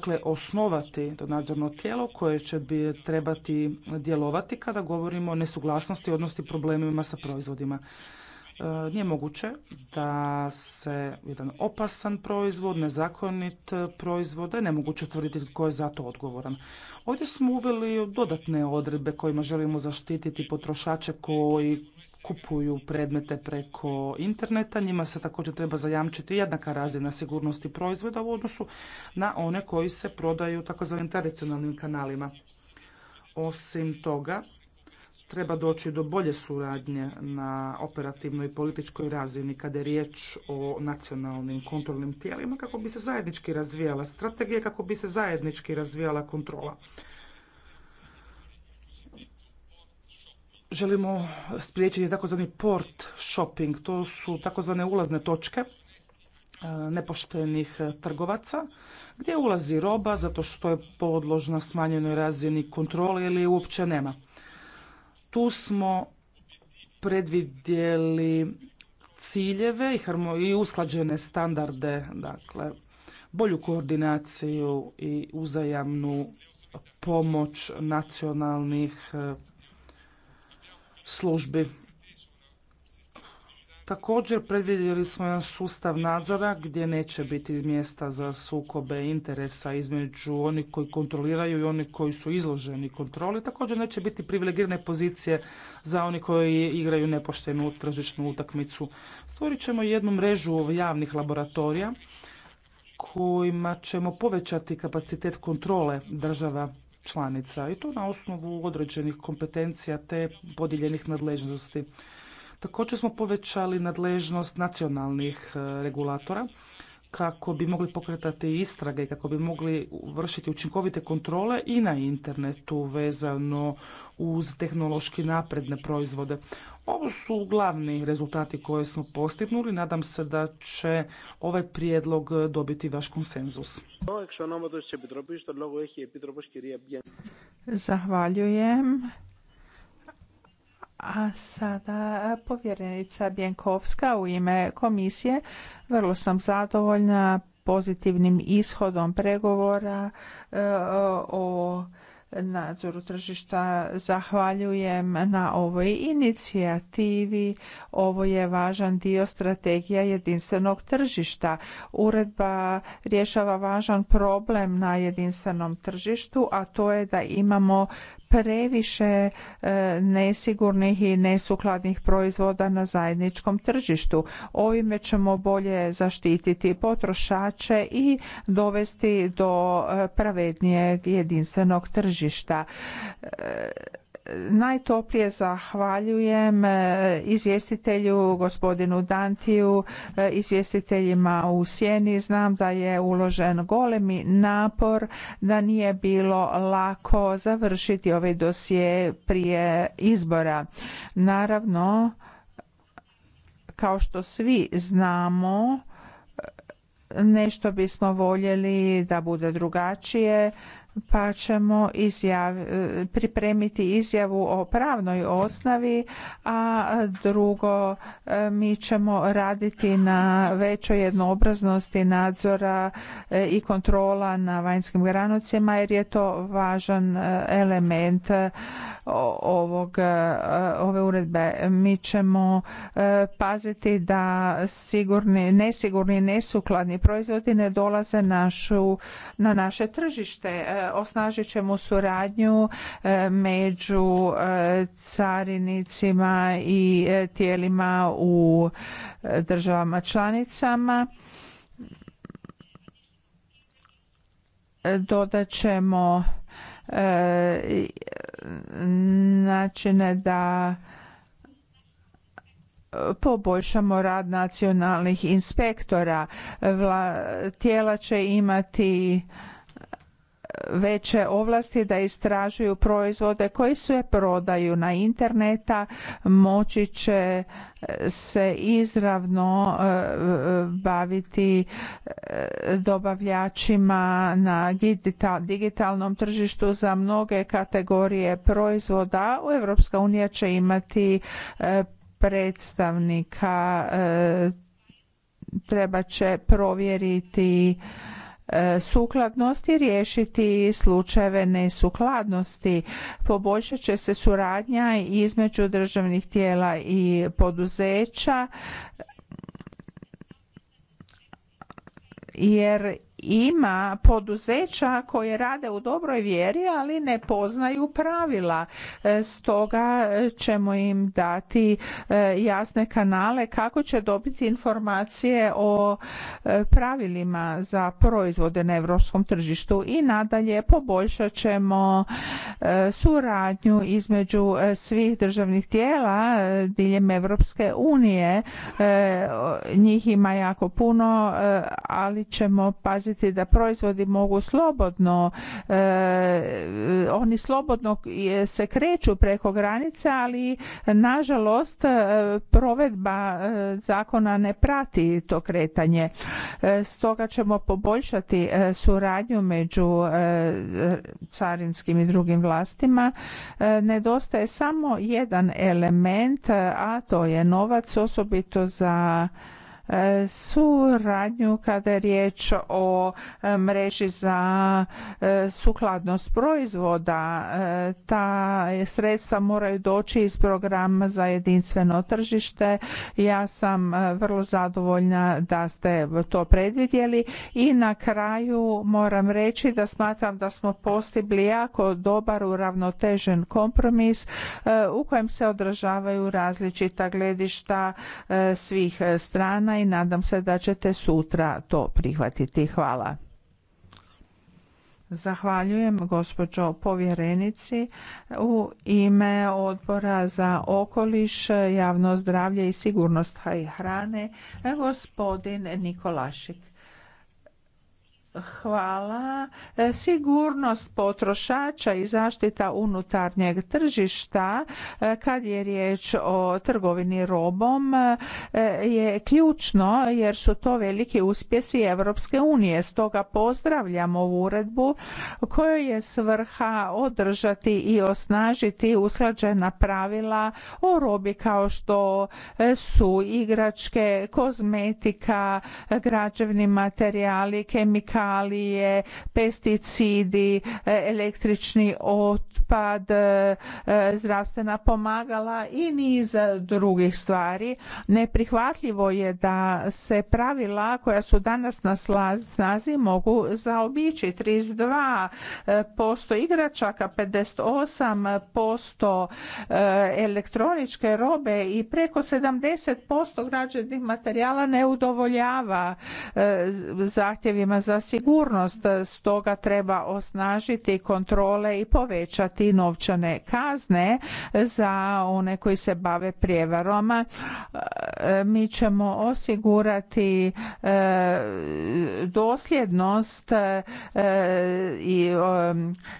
dakle osnovati to nadzorno tijelo koje će bi trebati djelovati kada govorimo o nesuglasnosti odnosno problemima sa proizvodima. E, nije moguće da se jedan opasan proizvod, nezakonit proizvod, da je nemoguće utvrditi tko je za to odgovoran. Ovdje smo uveli dodatne odredbe kojima želimo zaštititi potrošače koji kupuju predmete preko interneta. Njima se također treba zajamčiti jednaka razina sigurnosti proizvoda u odnosu na one koji se prodaju takozvanim tradicionalnim kanalima. Osim toga, treba doći do bolje suradnje na operativnoj i političkoj razini kada je riječ o nacionalnim kontrolnim tijelima kako bi se zajednički razvijala strategija, kako bi se zajednički razvijala kontrola. Želimo spriječiti takozvani port shopping, to su takozvane ulazne točke e, nepoštenih trgovaca gdje ulazi roba zato što je podložna smanjenoj razini kontrole ili uopće nema. Tu smo predvidjeli ciljeve i usklađene standarde, dakle bolju koordinaciju i uzajamnu pomoć nacionalnih eh, službi. Također predvidjeli smo jedan sustav nadzora gdje neće biti mjesta za sukobe interesa između onih koji kontroliraju i onih koji su izloženi kontroli. Također neće biti privilegirane pozicije za oni koji igraju nepoštenu tržišnu utakmicu. Stvorit ćemo jednu mrežu javnih laboratorija kojima ćemo povećati kapacitet kontrole država članica i to na osnovu određenih kompetencija te podijeljenih nadležnosti. Također smo povećali nadležnost nacionalnih e, regulatora kako bi mogli pokretati istrage, kako bi mogli vršiti učinkovite kontrole i na internetu vezano uz tehnološki napredne proizvode. Ovo su glavni rezultati koje smo postignuli. Nadam se da će ovaj prijedlog dobiti vaš konsenzus. Zahvaljujem. A sada povjerenica Bjenkovska u ime komisije. Vrlo sam zadovoljna pozitivnim ishodom pregovora e, o nadzoru tržišta. Zahvaljujem na ovoj inicijativi. Ovo je važan dio strategija jedinstvenog tržišta. Uredba rješava važan problem na jedinstvenom tržištu, a to je da imamo previše e, nesigurnih i nesukladnih proizvoda na zajedničkom tržištu. Ovime ćemo bolje zaštititi potrošače i dovesti do e, pravednijeg jedinstvenog tržišta e, najtoplije zahvaljujem e, izvjestitelju gospodinu Dantiju, e, izvjestiteljima u Sjeni. Znam da je uložen golemi napor, da nije bilo lako završiti ovaj dosije prije izbora. Naravno, kao što svi znamo, e, nešto bismo voljeli da bude drugačije pa ćemo pripremiti izjavu o pravnoj osnavi, a drugo mi ćemo raditi na većoj jednoobraznosti nadzora e, i kontrola na vanjskim granicama jer je to važan e, element ovog, e, ove uredbe. Mi ćemo e, paziti da sigurni, nesigurni i nesukladni proizvodi ne dolaze našu, na naše tržište. E, osnažit ćemo suradnju među carinicima i tijelima u državama članicama. Dodat ćemo načine da poboljšamo rad nacionalnih inspektora. Tijela će imati veće ovlasti da istražuju proizvode koji se prodaju na interneta, moći će e, se izravno e, baviti e, dobavljačima na digitalnom tržištu za mnoge kategorije proizvoda. U Europska unija će imati predstavnika treba će provjeriti E, sukladnosti, riješiti slučajeve nesukladnosti. Poboljšat će se suradnja između državnih tijela i poduzeća jer ima poduzeća koje rade u dobroj vjeri, ali ne poznaju pravila. E, stoga ćemo im dati e, jasne kanale kako će dobiti informacije o e, pravilima za proizvode na europskom tržištu i nadalje poboljšat ćemo suradnju između svih državnih tijela diljem Europske unije. Njih ima jako puno, ali ćemo paziti da proizvodi mogu slobodno, e, oni slobodno se kreću preko granice, ali nažalost e, provedba e, zakona ne prati to kretanje. Stoga ćemo poboljšati suradnju među carinskim i drugim vlastima. Nedostaje samo jedan element, a to je novac osobito za suradnju kada je riječ o e, mreži za e, sukladnost proizvoda. E, ta sredstva moraju doći iz programa za jedinstveno tržište. Ja sam vrlo zadovoljna da ste to predvidjeli i na kraju moram reći da smatram da smo postigli jako dobar uravnotežen kompromis u kojem se odražavaju različita gledišta svih strana i nadam se da ćete sutra to prihvatiti. Hvala. Zahvaljujem gospođo povjerenici. U ime odbora za okoliš, javno zdravlje i sigurnost hrane, gospodin Nikolašik. Hvala. E, sigurnost potrošača i zaštita unutarnjeg tržišta e, kad je riječ o trgovini robom e, je ključno jer su to veliki uspjesi Europske unije. Stoga pozdravljam ovu uredbu kojoj je svrha održati i osnažiti usklađena pravila o robi kao što su igračke, kozmetika, građevni materijali, kemikalije kemikalije, pesticidi, e, električni otpad, e, e, zdravstvena pomagala i niz drugih stvari. Neprihvatljivo je da se pravila koja su danas na snazi mogu zaobići. 32% igračaka, 58% elektroničke robe i preko 70% građevnih materijala ne udovoljava zahtjevima za sigurnost, stoga treba osnažiti kontrole i povećati novčane kazne za one koji se bave prijevarom. E, mi ćemo osigurati e, dosljednost e, i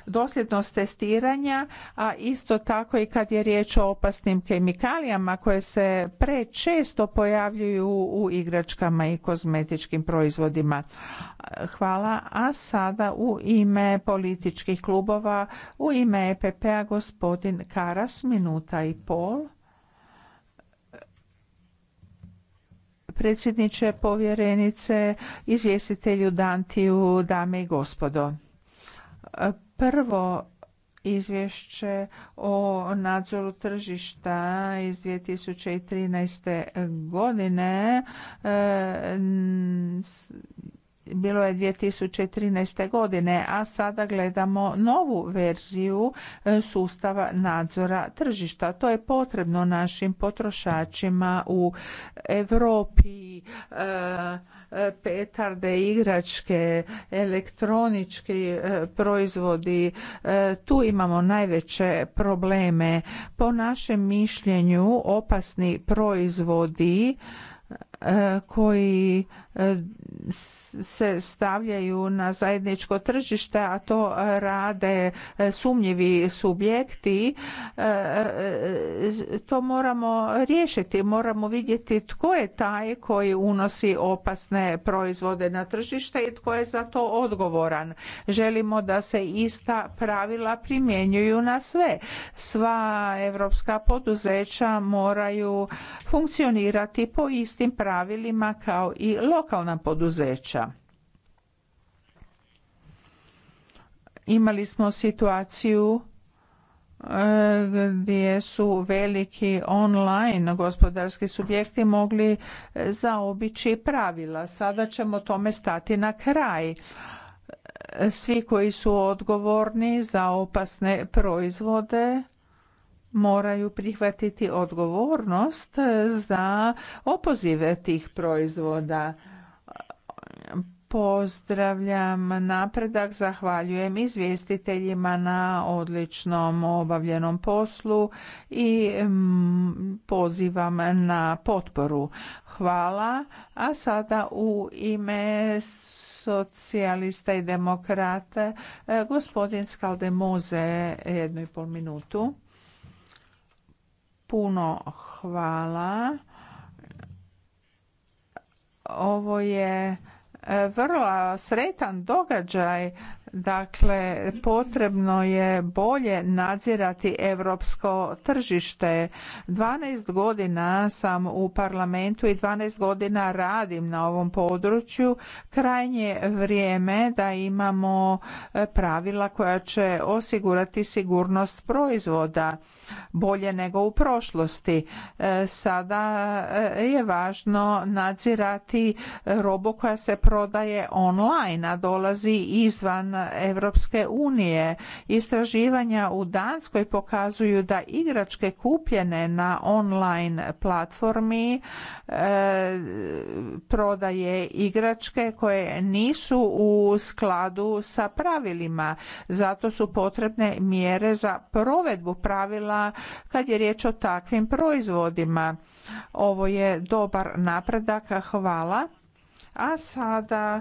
dosljednost testiranja, a isto tako i kad je riječ o opasnim kemikalijama koje se prečesto pojavljuju u igračkama i kozmetičkim proizvodima. Hvala. A sada u ime političkih klubova, u ime EPP-a gospodin Karas, minuta i pol. Predsjedniče povjerenice, izvjestitelju Dantiju, dame i gospodo. Prvo izvješće o nadzoru tržišta iz 2013. godine e, bilo je 2013. godine, a sada gledamo novu verziju e, sustava nadzora tržišta. To je potrebno našim potrošačima u Europi. E, e, petarde, igračke, elektronički proizvodi, tu imamo najveće probleme. Po našem mišljenju opasni proizvodi E, koji e, se stavljaju na zajedničko tržište, a to rade e, sumnjivi subjekti, to moramo riješiti. Moramo vidjeti tko je taj koji unosi opasne proizvode na tržište i tko je za to odgovoran. Želimo da se ista pravila primjenjuju na sve. Sva evropska poduzeća moraju funkcionirati po istim pravilima pravilima kao i lokalna poduzeća. Imali smo situaciju e, gdje su veliki online gospodarski subjekti mogli zaobići pravila. Sada ćemo tome stati na kraj. E, svi koji su odgovorni za opasne proizvode moraju prihvatiti odgovornost za opozive tih proizvoda. Pozdravljam napredak, zahvaljujem izvjestiteljima na odličnom obavljenom poslu i mm, pozivam na potporu. Hvala. A sada u ime socijalista i demokrata e, gospodin Skaldemoze jednu i pol minutu. Puno hvala. Ovo je e, vrlo sretan događaj Dakle, potrebno je bolje nadzirati europsko tržište. 12 godina sam u parlamentu i 12 godina radim na ovom području. Krajnje vrijeme da imamo e, pravila koja će osigurati sigurnost proizvoda bolje nego u prošlosti. E, sada e, je važno nadzirati robu koja se prodaje online, a dolazi izvan Evropske unije. Istraživanja u Danskoj pokazuju da igračke kupljene na online platformi e, prodaje igračke koje nisu u skladu sa pravilima. Zato su potrebne mjere za provedbu pravila kad je riječ o takvim proizvodima. Ovo je dobar napredak, hvala. A sada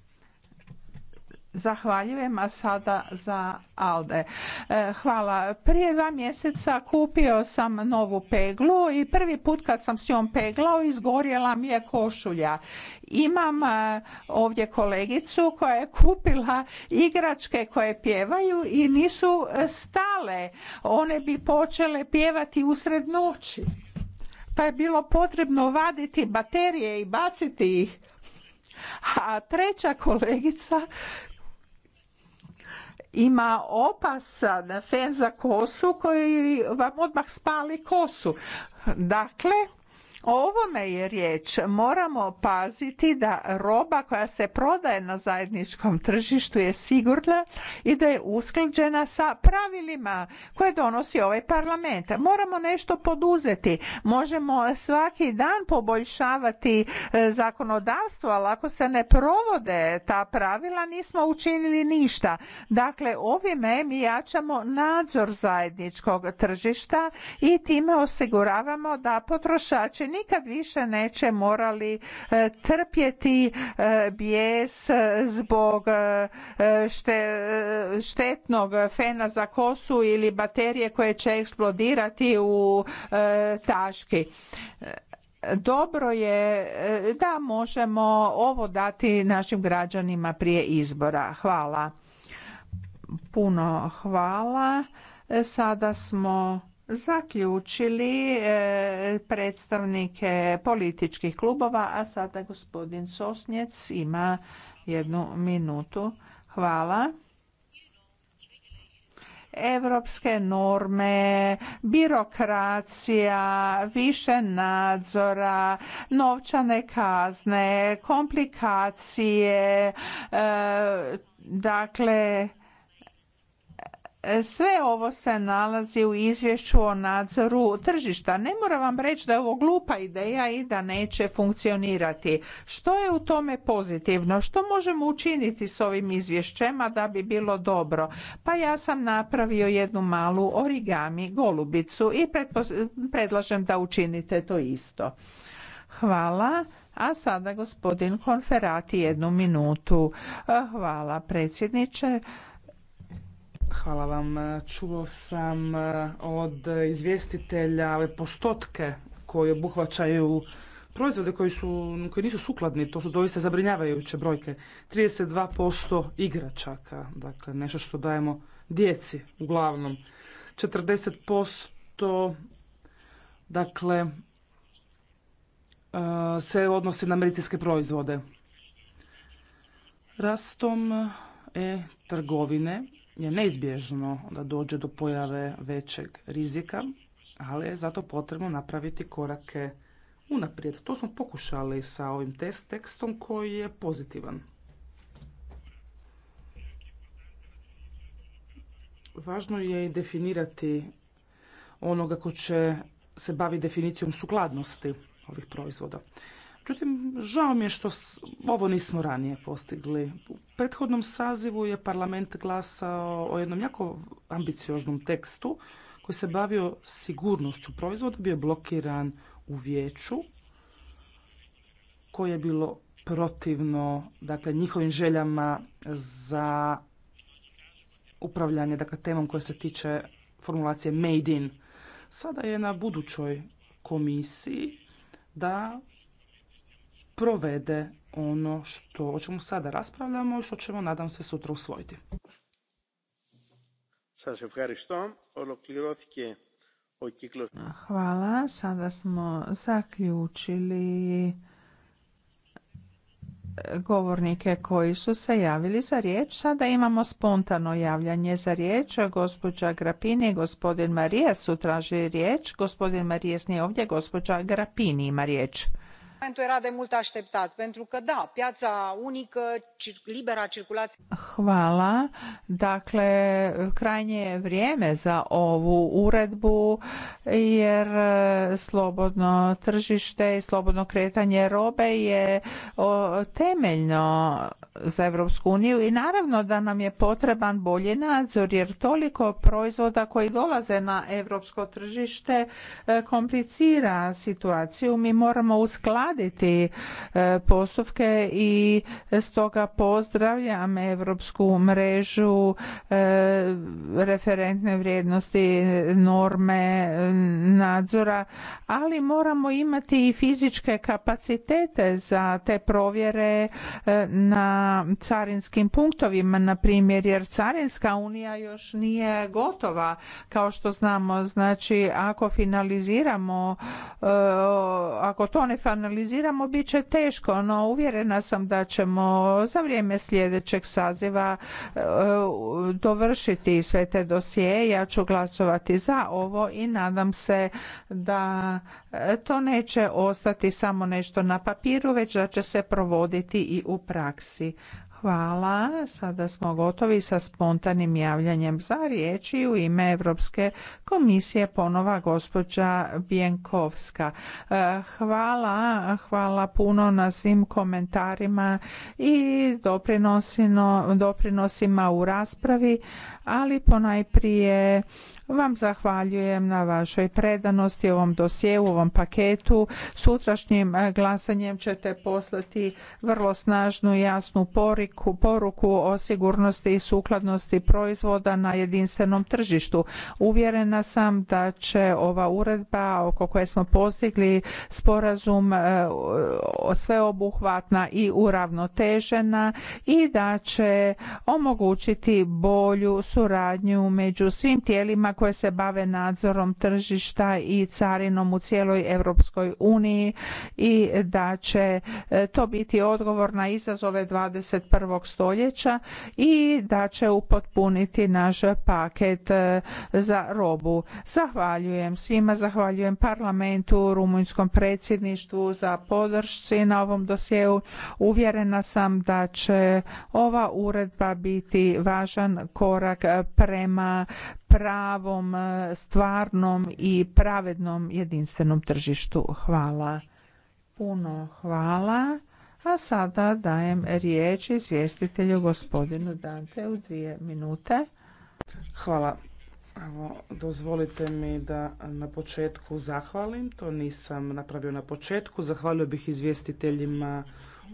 Zahvaljujem, a sada za Alde. E, hvala. Prije dva mjeseca kupio sam novu peglu i prvi put kad sam s njom peglao izgorjela mi je košulja. Imam e, ovdje kolegicu koja je kupila igračke koje pjevaju i nisu e, stale. One bi počele pjevati usred noći. Pa je bilo potrebno vaditi baterije i baciti ih. A treća kolegica ima na fen za kosu koji vam odmah spali kosu. Dakle, ovome je riječ. Moramo paziti da roba koja se prodaje na zajedničkom tržištu je sigurna i da je usklađena sa pravilima koje donosi ovaj parlament. Moramo nešto poduzeti. Možemo svaki dan poboljšavati e, zakonodavstvo, ali ako se ne provode ta pravila nismo učinili ništa. Dakle, ovime mi jačamo nadzor zajedničkog tržišta i time osiguravamo da potrošači nikad više neće morali e, trpjeti e, bijes e, zbog štetnog fena za kosu ili baterije koje će eksplodirati u taški dobro je da možemo ovo dati našim građanima prije izbora. Hvala. Puno hvala. Sada smo zaključili e, predstavnike političkih klubova, a sada gospodin Sosnjec ima jednu minutu. Hvala europske norme, birokracija, više nadzora, novčane kazne, komplikacije, e, dakle sve ovo se nalazi u izvješću o nadzoru tržišta. Ne moram vam reći da je ovo glupa ideja i da neće funkcionirati. Što je u tome pozitivno? Što možemo učiniti s ovim izvješćema da bi bilo dobro? Pa ja sam napravio jednu malu origami golubicu i predlažem da učinite to isto. Hvala. A sada gospodin Konferati jednu minutu. Hvala predsjedniče. Hvala vam. Čuo sam e, od izvjestitelja ove postotke koje obuhvaćaju proizvode koji, su, koji nisu sukladni, to su doista zabrinjavajuće brojke. 32% igračaka, dakle nešto što dajemo djeci uglavnom. 40% dakle e, se odnosi na medicinske proizvode. Rastom e-trgovine je neizbježno da dođe do pojave većeg rizika, ali je zato potrebno napraviti korake unaprijed. To smo pokušali sa ovim test tekstom koji je pozitivan. Važno je i definirati onoga ko će se bavi definicijom sukladnosti ovih proizvoda. Međutim, žao mi je što ovo nismo ranije postigli. U prethodnom sazivu je parlament glasao o jednom jako ambicioznom tekstu koji se bavio sigurnošću proizvoda, bio je blokiran u vijeću koje je bilo protivno dakle, njihovim željama za upravljanje dakle, temom koja se tiče formulacije made in. Sada je na budućoj komisiji da provede ono što, o čemu sada raspravljamo i što ćemo, nadam se, sutra usvojiti. Hvala. Sada smo zaključili govornike koji su se javili za riječ. Sada imamo spontano javljanje za riječ. Gospođa Grapini i gospodin Marijas su tražili riječ. Gospodin Marijas nije ovdje, gospođa Grapini ima riječ era de mult așteptat pentru că da piața unică libera cirkulacija Hvala. Dakle krajnje je vrijeme za ovu uredbu jer e, slobodno tržište i slobodno kretanje robe je temeljno za Europsku uniju i naravno da nam je potreban bolji nadzor jer toliko proizvoda koji dolaze na europsko tržište e, komplicira situaciju mi moramo uskladiti skratiti e, postupke i stoga pozdravljam europsku mrežu e, referentne vrijednosti norme nadzora, ali moramo imati i fizičke kapacitete za te provjere e, na carinskim punktovima na primjer jer carinska unija još nije gotova kao što znamo znači ako finaliziramo ako to ne finaliziramo organiziramo bit će teško, no uvjerena sam da ćemo za vrijeme sljedećeg saziva e, dovršiti sve te dosije. Ja ću glasovati za ovo i nadam se da e, to neće ostati samo nešto na papiru, već da će se provoditi i u praksi. Hvala. Sada smo gotovi sa spontanim javljanjem za riječi i u ime Evropske komisije ponova gospođa Bjenkovska. E, hvala, hvala puno na svim komentarima i doprinosima u raspravi ali ponajprije vam zahvaljujem na vašoj predanosti ovom dosjeu, ovom paketu. Sutrašnjim eh, glasanjem ćete poslati vrlo snažnu i jasnu poriku, poruku o sigurnosti i sukladnosti proizvoda na jedinstvenom tržištu. Uvjerena sam da će ova uredba oko koje smo postigli sporazum eh, sveobuhvatna i uravnotežena i da će omogućiti bolju suradnju među svim tijelima koje se bave nadzorom tržišta i carinom u cijeloj Europskoj uniji i da će e, to biti odgovor na izazove 21. stoljeća i da će upotpuniti naš paket e, za robu. Zahvaljujem svima, zahvaljujem parlamentu, rumunjskom predsjedništvu za podršci na ovom dosjeu. Uvjerena sam da će ova uredba biti važan korak Eh, prema pravom, eh, stvarnom i pravednom jedinstvenom tržištu. Hvala. Puno hvala. A sada dajem riječ izvjestitelju gospodinu Dante u dvije minute. Hvala. Evo, dozvolite mi da na početku zahvalim. To nisam napravio na početku. Zahvalio bih izvjestiteljima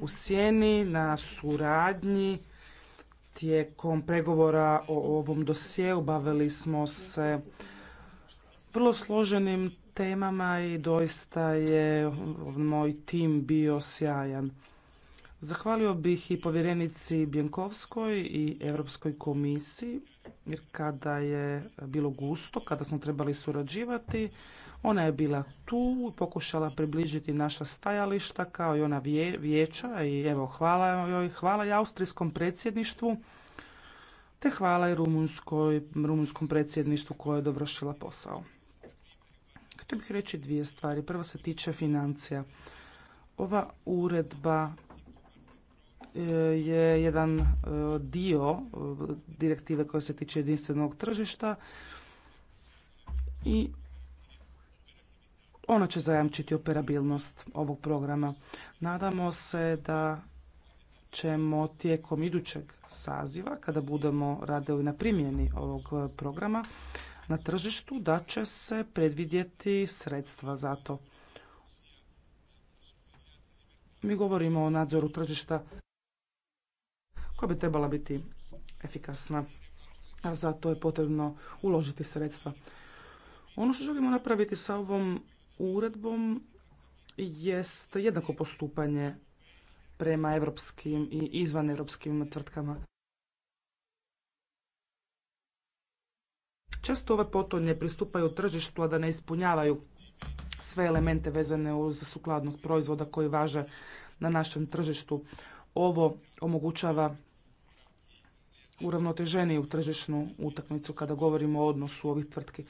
u sjeni na suradnji Tijekom pregovora o ovom dosjeu bavili smo se vrlo složenim temama i doista je moj tim bio sjajan. Zahvalio bih i povjerenici Bjenkovskoj i Europskoj komisiji jer kada je bilo gusto, kada smo trebali surađivati, ona je bila tu, i pokušala približiti naša stajališta kao i ona vijeća i evo hvala joj, hvala i austrijskom predsjedništvu te hvala i rumunskoj, rumunskom predsjedništvu koje je dovršila posao. Htio bih reći dvije stvari. Prvo se tiče financija. Ova uredba e, je jedan e, dio e, direktive koja se tiče jedinstvenog tržišta i ono će zajamčiti operabilnost ovog programa. Nadamo se da ćemo tijekom idućeg saziva, kada budemo radili na primjeni ovog programa, na tržištu da će se predvidjeti sredstva za to. Mi govorimo o nadzoru tržišta koja bi trebala biti efikasna, a za to je potrebno uložiti sredstva. Ono što želimo napraviti sa ovom uredbom jest jednako postupanje prema europskim i izvan tvrtkama. Često ove potonje pristupaju tržištu, a da ne ispunjavaju sve elemente vezane uz sukladnost proizvoda koji važe na našem tržištu. Ovo omogućava uravnoteženiju tržišnu utakmicu kada govorimo o odnosu ovih tvrtki.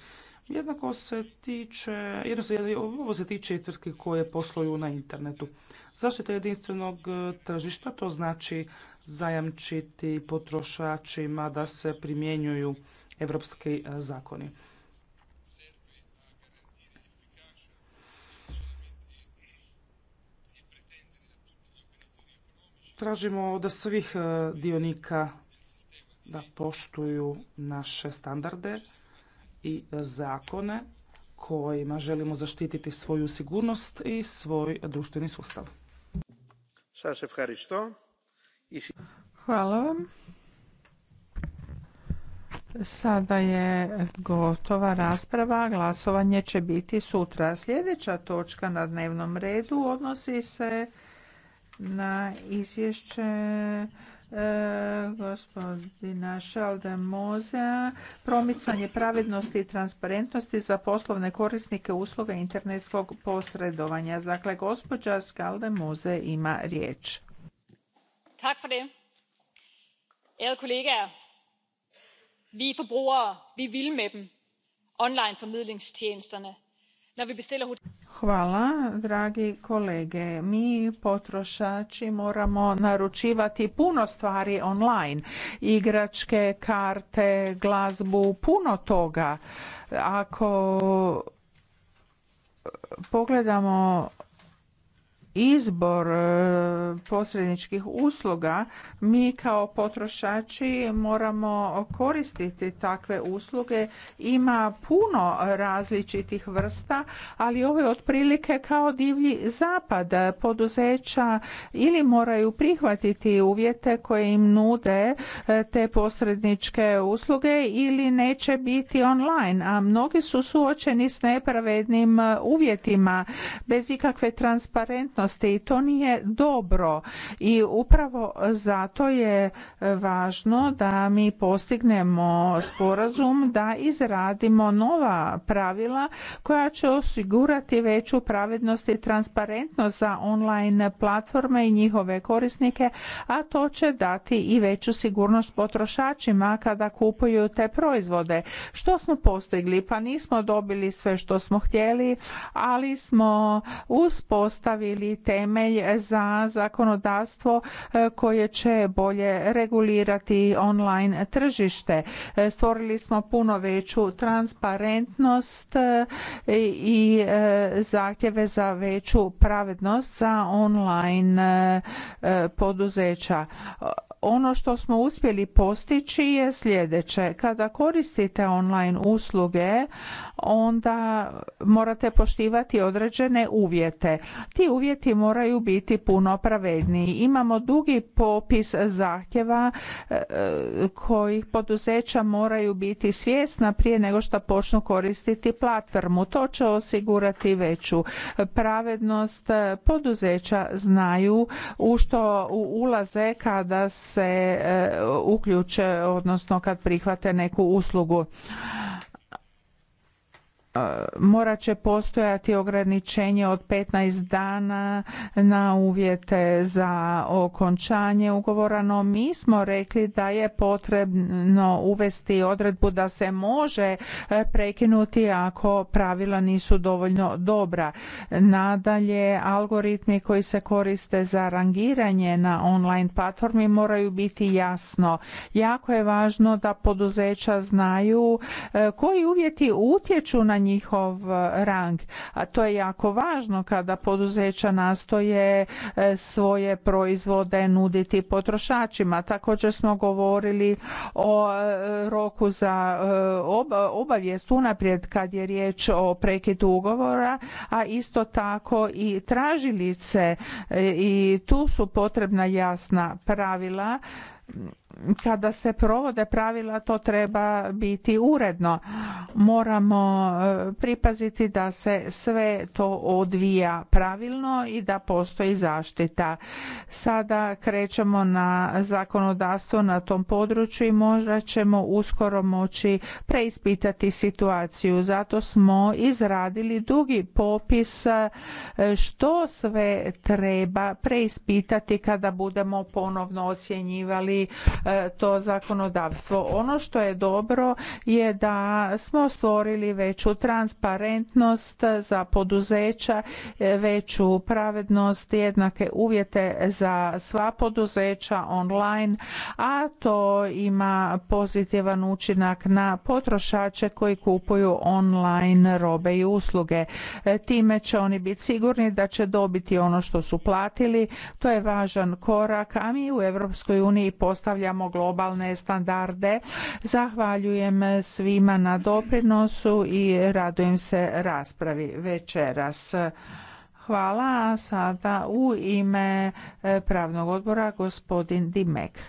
Jednako se tiče, ovo se tiče i tvrtki koje posluju na internetu. Zaštita jedinstvenog e, tržišta, to znači zajamčiti potrošačima da se primjenjuju evropski e, zakoni. Tražimo od svih e, dionika da poštuju naše standarde i zakone kojima želimo zaštititi svoju sigurnost i svoj društveni sustav. Hvala vam. Sada je gotova rasprava, glasovanje će biti sutra. Sljedeća točka na dnevnom redu odnosi se na izvješće E, gospodina Šaldemozea, promicanje pravednosti i transparentnosti za poslovne korisnike usluga internetskog posredovanja. Dakle, gospođa Moze ima riječ. Tak for det. Ærede kollegaer, vi er forbrugere, vi er vil med dem. Online formidlingstjenesterne Hvala, dragi kolege. Mi potrošači moramo naručivati puno stvari online. Igračke, karte, glazbu, puno toga. Ako pogledamo izbor e, posredničkih usluga, mi kao potrošači moramo koristiti takve usluge. Ima puno različitih vrsta, ali ovo je otprilike kao divlji zapad. Poduzeća ili moraju prihvatiti uvjete koje im nude e, te posredničke usluge ili neće biti online, a mnogi su suočeni s nepravednim e, uvjetima bez ikakve transparentnosti sigurnosti i to nije dobro i upravo zato je važno da mi postignemo sporazum da izradimo nova pravila koja će osigurati veću pravednost i transparentnost za online platforme i njihove korisnike, a to će dati i veću sigurnost potrošačima kada kupuju te proizvode. Što smo postigli? Pa nismo dobili sve što smo htjeli, ali smo uspostavili temelj za zakonodavstvo e, koje će bolje regulirati online tržište. E, stvorili smo puno veću transparentnost e, i zahtjeve za veću pravednost za online poduzeća ono što smo uspjeli postići je sljedeće. Kada koristite online usluge, onda morate poštivati određene uvjete. Ti uvjeti moraju biti puno pravedniji. Imamo dugi popis zahtjeva e, koji poduzeća moraju biti svjesna prije nego što počnu koristiti platformu. To će osigurati veću pravednost. Poduzeća znaju u što ulaze kada se e, uključe, odnosno kad prihvate neku uslugu morat će postojati ograničenje od 15 dana na uvjete za okončanje ugovora, no mi smo rekli da je potrebno uvesti odredbu da se može e, prekinuti ako pravila nisu dovoljno dobra. Nadalje, algoritmi koji se koriste za rangiranje na online platformi moraju biti jasno. Jako je važno da poduzeća znaju e, koji uvjeti utječu na njihov e, rang. A to je jako važno kada poduzeća nastoje e, svoje proizvode nuditi potrošačima. Također smo govorili o e, roku za obavijest unaprijed kad je riječ o prekidu ugovora, a isto tako i tražilice i tu su potrebna jasna pravila kada se provode pravila to treba biti uredno. Moramo e, pripaziti da se sve to odvija pravilno i da postoji zaštita. Sada krećemo na zakonodavstvo na tom području i možda ćemo uskoro moći preispitati situaciju. Zato smo izradili dugi popis e, što sve treba preispitati kada budemo ponovno ocjenjivali e, E, to zakonodavstvo. Ono što je dobro je da smo stvorili veću transparentnost za poduzeća, e, veću pravednost, jednake uvjete za sva poduzeća online, a to ima pozitivan učinak na potrošače koji kupuju online robe i usluge. E, time će oni biti sigurni da će dobiti ono što su platili. To je važan korak, a mi u Europskoj uniji postavljamo globalne standarde. Zahvaljujem svima na doprinosu i radujem se raspravi večeras. Hvala. A sada u ime e, pravnog odbora gospodin Dimek.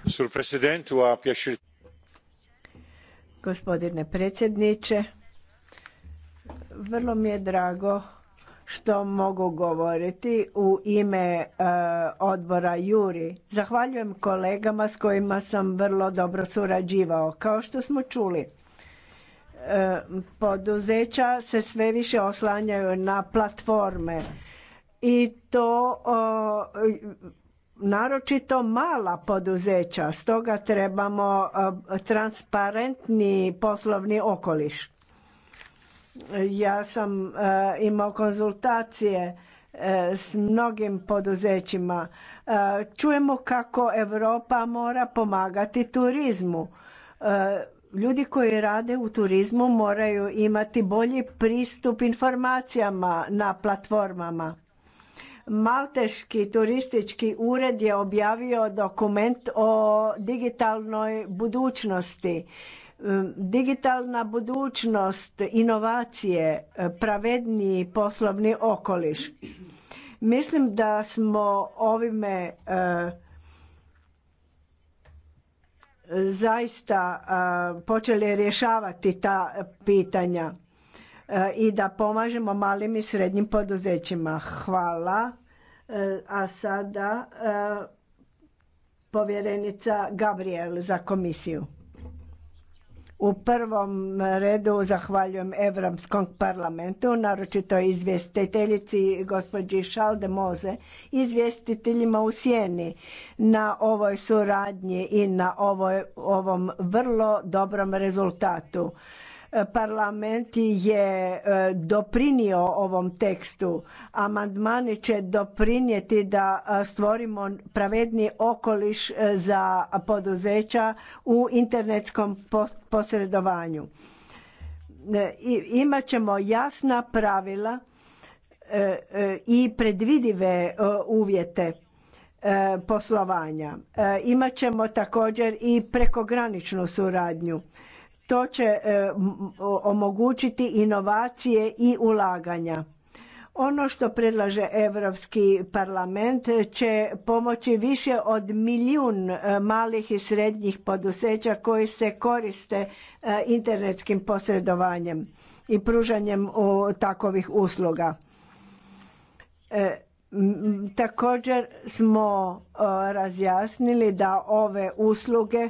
Gospodine predsjedniče, vrlo mi je drago što mogu govoriti u ime e, odbora Juri. Zahvaljujem kolegama s kojima sam vrlo dobro surađivao. Kao što smo čuli, e, poduzeća se sve više oslanjaju na platforme i to naročito mala poduzeća, stoga trebamo e, transparentni poslovni okoliš. Ja sam eh, imao konzultacije eh, s mnogim poduzećima. Eh, čujemo kako Europa mora pomagati turizmu. Ljudi koji rade u turizmu moraju imati bolji pristup informacijama na platformama. Malteški turistički ured je objavio dokument o digitalnoj budućnosti Digitalna budućnost, inovacije, e, pravedniji poslovni okoliš. Mislim da smo ovime e, zaista počeli rješavati ta pitanja e, i da pomažemo malim i srednjim poduzećima. Hvala. A sada povjerenica Gabriel za komisiju. U prvom redu zahvaljujem Evropskom parlamentu, naročito izvjestiteljici gospođi Šalde Moze, izvjestiteljima u Sjeni na ovoj suradnji i na ovom vrlo dobrom rezultatu. Parlament je e, doprinio ovom tekstu. Amandmani će doprinijeti da e, stvorimo pravedni okoliš e, za poduzeća u internetskom posredovanju. Imat ćemo jasna pravila i predvidive uvjete poslovanja. Imat ćemo također i prekograničnu suradnju to će e, omogućiti inovacije i ulaganja. Ono što predlaže Europski parlament će pomoći više od milijun e, malih i srednjih poduzeća koji se koriste e, internetskim posredovanjem i pružanjem takovih usluga. Također smo razjasnili da ove usluge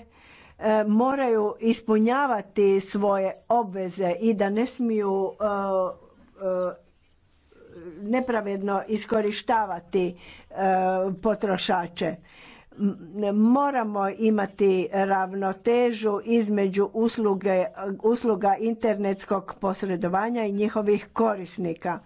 E, moraju ispunjavati svoje obveze i da ne smiju e, e, nepravedno iskorištavati potrošače. Moramo imati ravnotežu između usluge, usluga internetskog posredovanja i njihovih korisnika.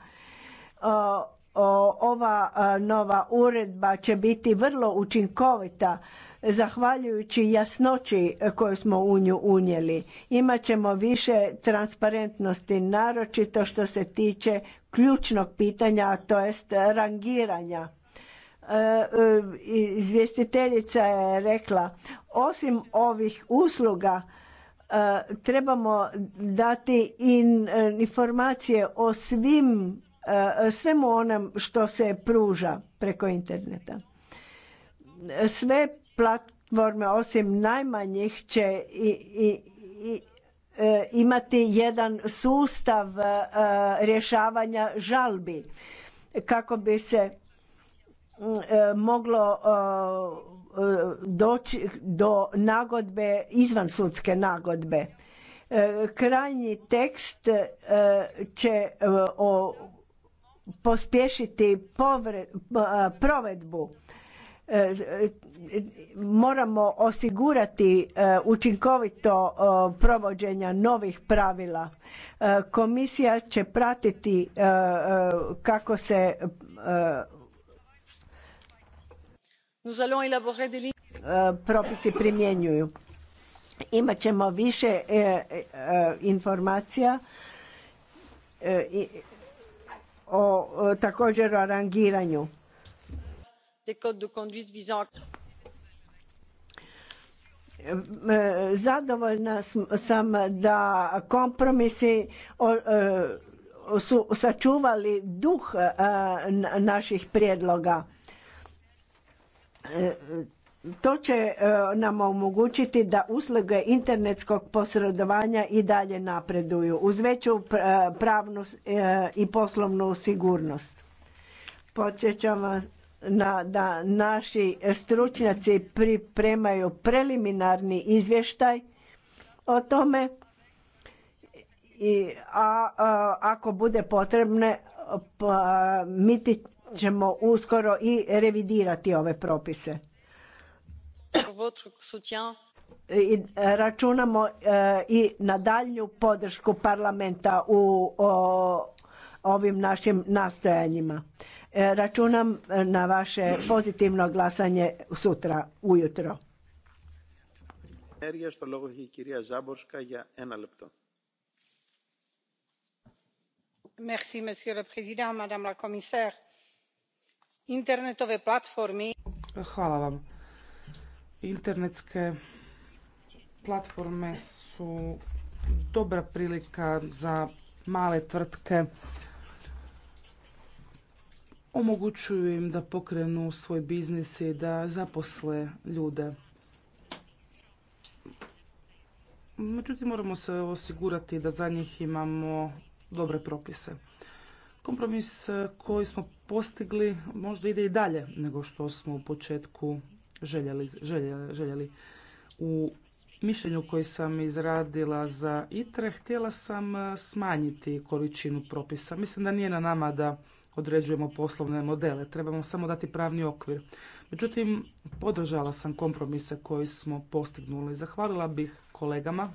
Ova nova uredba će biti vrlo učinkovita zahvaljujući jasnoći koju smo u nju unijeli. Imat ćemo više transparentnosti, naročito što se tiče ključnog pitanja, to jest rangiranja. E, e, izvjestiteljica je rekla, osim ovih usluga, e, trebamo dati informacije o svim svemu onom što se pruža preko interneta. Sve platforme osim najmanjih će i, i, e, imati jedan sustav e, rješavanja žalbi kako bi se e, moglo doći do nagodbe, izvansudske nagodbe. Krajnji tekst će pospješiti provedbu E, moramo osigurati e, učinkovito provođenja novih pravila. E, komisija će pratiti kako se propisi primjenjuju. Imat ćemo više informacija o također o rangiranju te codes de conduite visant e, zadovoljna sam da kompromisi e, su sačuvali duh e, naših prijedloga. To će nam omogućiti da usluge internetskog posredovanja i dalje napreduju uz veću pravnu i poslovnu sigurnost. Podsjećam vas na da naši stručnjaci pripremaju preliminarni izvještaj o tome i a, ako bude potrebne pa, mi ćemo uskoro i revidirati ove propise. I računamo e, i na daljnju podršku parlamenta u ovim našim nastojanjima. E, računam e, na vaše pozitivno glasanje sutra ujutro. Merci, monsieur le président, madame la commissaire. Internetove platformi... Hvala vam. Internetske platforme su dobra prilika za male tvrtke omogućuju im da pokrenu svoj biznis i da zaposle ljude. Međutim, moramo se osigurati da za njih imamo dobre propise. Kompromis e, koji smo postigli možda ide i dalje nego što smo u početku željeli. U mišljenju koji sam izradila za ITRE htjela sam e, smanjiti količinu propisa. Mislim da nije na nama da određujemo poslovne modele. Trebamo samo dati pravni okvir. Međutim, podržala sam kompromise koji smo postignuli. Zahvalila bih kolegama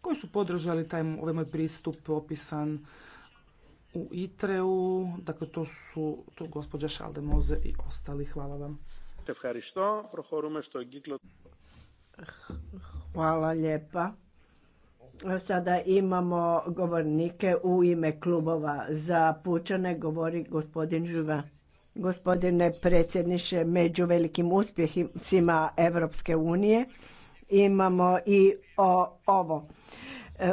koji su podržali taj ovaj moj pristup opisan u ITRE-u. Dakle, to su to gospođa Moze i ostali. Hvala vam. Hvala lijepa. Sada imamo govornike u ime klubova. Za pučane govori gospodin Živa. Gospodine predsjedniče, među velikim uspjesima Evropske unije imamo i o, ovo. E,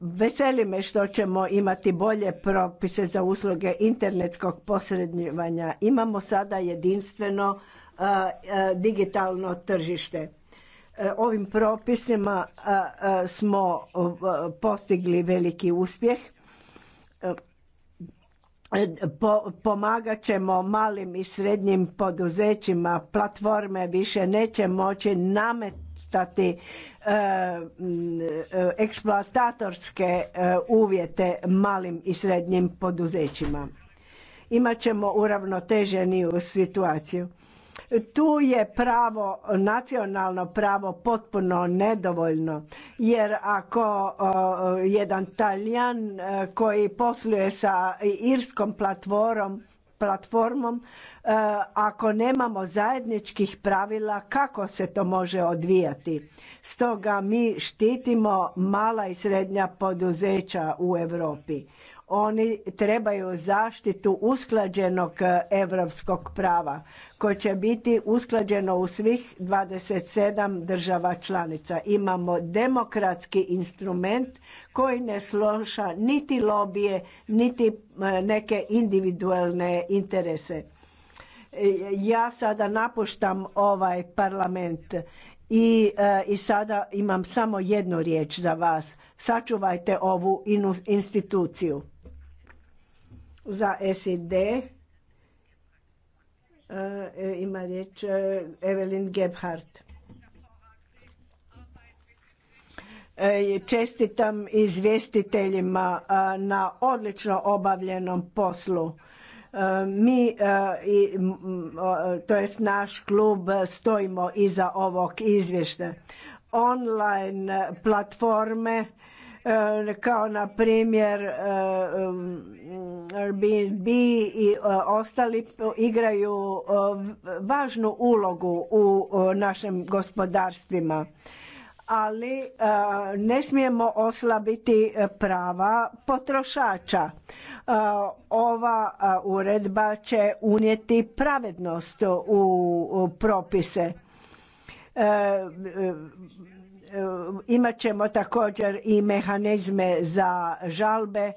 veseli me što ćemo imati bolje propise za usluge internetskog posrednjivanja. Imamo sada jedinstveno e, e, digitalno tržište E, ovim propisima e, e, smo postigli veliki uspjeh. Pomagat ćemo malim i srednjim poduzećima. Platforme više neće moći nametati eksploatatorske uvjete malim i srednjim poduzećima. Imaćemo uravnoteženiju situaciju tu je pravo, nacionalno pravo potpuno nedovoljno jer ako jedan Talijan e, koji posluje sa irskom platformom platformom e, ako nemamo zajedničkih pravila kako se to može odvijati. Stoga mi štitimo mala i srednja poduzeća u Europi. Oni trebaju zaštitu usklađenog europskog prava koje će biti usklađeno u svih 27 država članica. Imamo demokratski instrument koji ne sloša niti lobije, niti e, neke individualne interese. E, ja sada napuštam ovaj parlament i, e, i sada imam samo jednu riječ za vas. Sačuvajte ovu instituciju. Za SID e, e, ima riječ e, Evelyn Gebhardt. Čestitam izvjestiteljima na odlično obavljenom poslu. Mi, to jest naš klub, stojimo iza ovog izvještaja. Online platforme E, kao na primjer e, e, Airbnb i ostali igraju važnu ulogu u našem gospodarstvima. Ali ne smijemo oslabiti prava potrošača. Ova uredba će unijeti pravednost u propise E, imat ćemo također i mehanizme za žalbe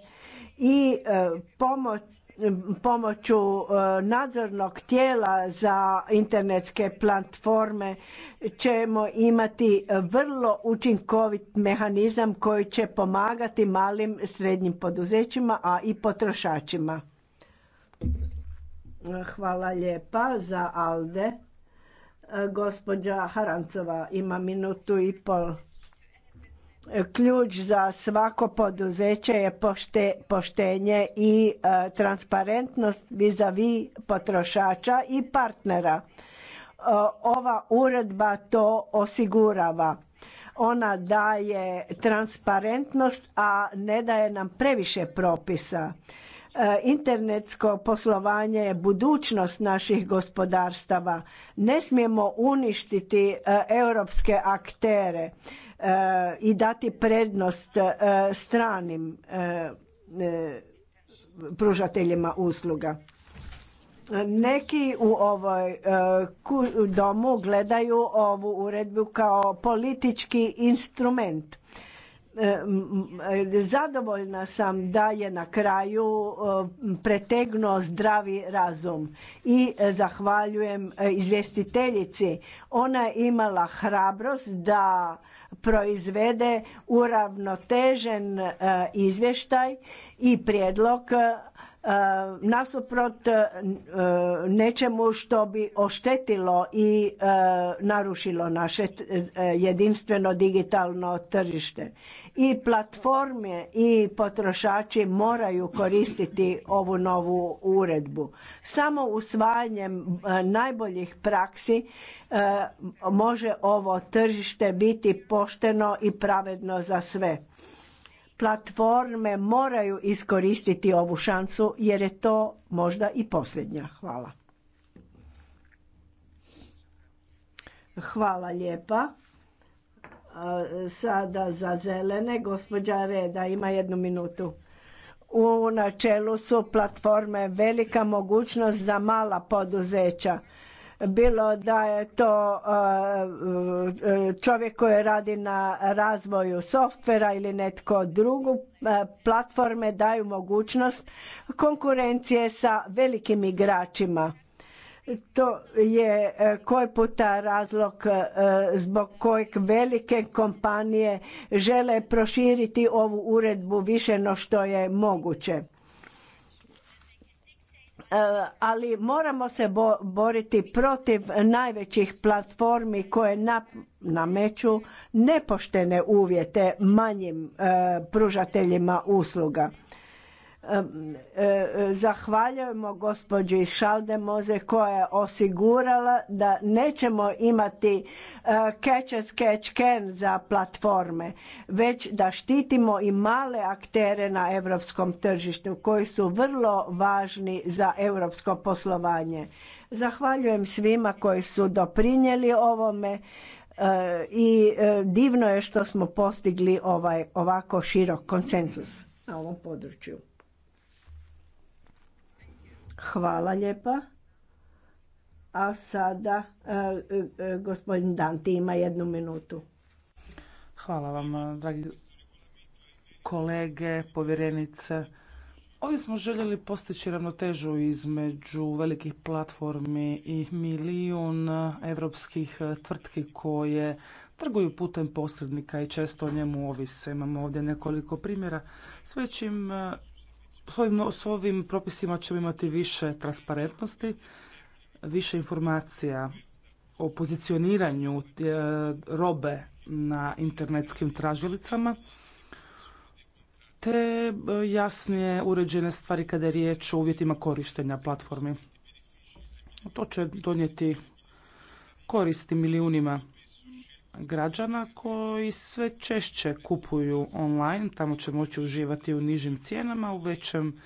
i e, pomoću e, nadzornog tijela za internetske platforme ćemo imati vrlo učinkovit mehanizam koji će pomagati malim srednjim poduzećima, a i potrošačima. Hvala lijepa za Alde. E, gospođa Harancova ima minutu i pol. E, ključ za svako poduzeće je poštenje i e, transparentnost vis-a-vis potrošača i partnera. ova uredba to osigurava. Ona daje transparentnost, a ne daje nam previše propisa. E, internetsko poslovanje je budućnost naših gospodarstava. Ne smijemo uništiti e, europske aktere e, i dati prednost stranim pružateljima usluga. Neki u ovoj domu gledaju ovu uredbu kao politički instrument E, zadovoljna sam da je na kraju e, pretegnuo zdravi razum i e, zahvaljujem izvjestiteljici. Ona je imala hrabrost da proizvede uravnotežen izvještaj i prijedlog E, nasuprot e, nečemu što bi oštetilo i e, narušilo naše jedinstveno digitalno tržište. I platforme i potrošači moraju koristiti ovu novu uredbu. Samo usvajanjem najboljih praksi može ovo tržište biti pošteno i pravedno za sve platforme moraju iskoristiti ovu šansu jer je to možda i posljednja. Hvala. Hvala lijepa. Sada za zelene, gospođa Reda ima jednu minutu. U načelu su platforme velika mogućnost za mala poduzeća bilo da je to e, e, čovjek koji radi na razvoju softvera ili netko drugu, e, platforme daju mogućnost konkurencije sa velikim igračima. To je koji puta razlog zbog kojeg velike kompanije žele proširiti ovu uredbu više no što je moguće E, ali moramo se boriti protiv najvećih platformi koje nameću nepoštene uvjete manjim e, pružateljima usluga. E, e, zahvaljujemo gospođi Šaldemoze koja je osigurala da nećemo imati e, catch as catch can za platforme, već da štitimo i male aktere na europskom tržištu koji su vrlo važni za europsko poslovanje. Zahvaljujem svima koji su doprinijeli ovome i divno je što smo postigli ovaj ovako širok konsenzus na ovom području. Hvala lijepa. A sada e, e, e, gospodin Danti ima jednu minutu. Hvala vam, dragi kolege, povjerenice. Ovdje smo željeli postići ravnotežu između velikih platformi i milijun evropskih tvrtki koje trguju putem posrednika i često o njemu ovise. Imamo ovdje nekoliko primjera s većim s ovim, propisima ćemo imati više transparentnosti, više informacija o pozicioniranju e, robe na internetskim tražilicama te e, jasnije uređene stvari kada je riječ o uvjetima korištenja platformi. To će donijeti koristi milijunima građana koji sve češće kupuju online, tamo će moći uživati u nižim cijenama, u većem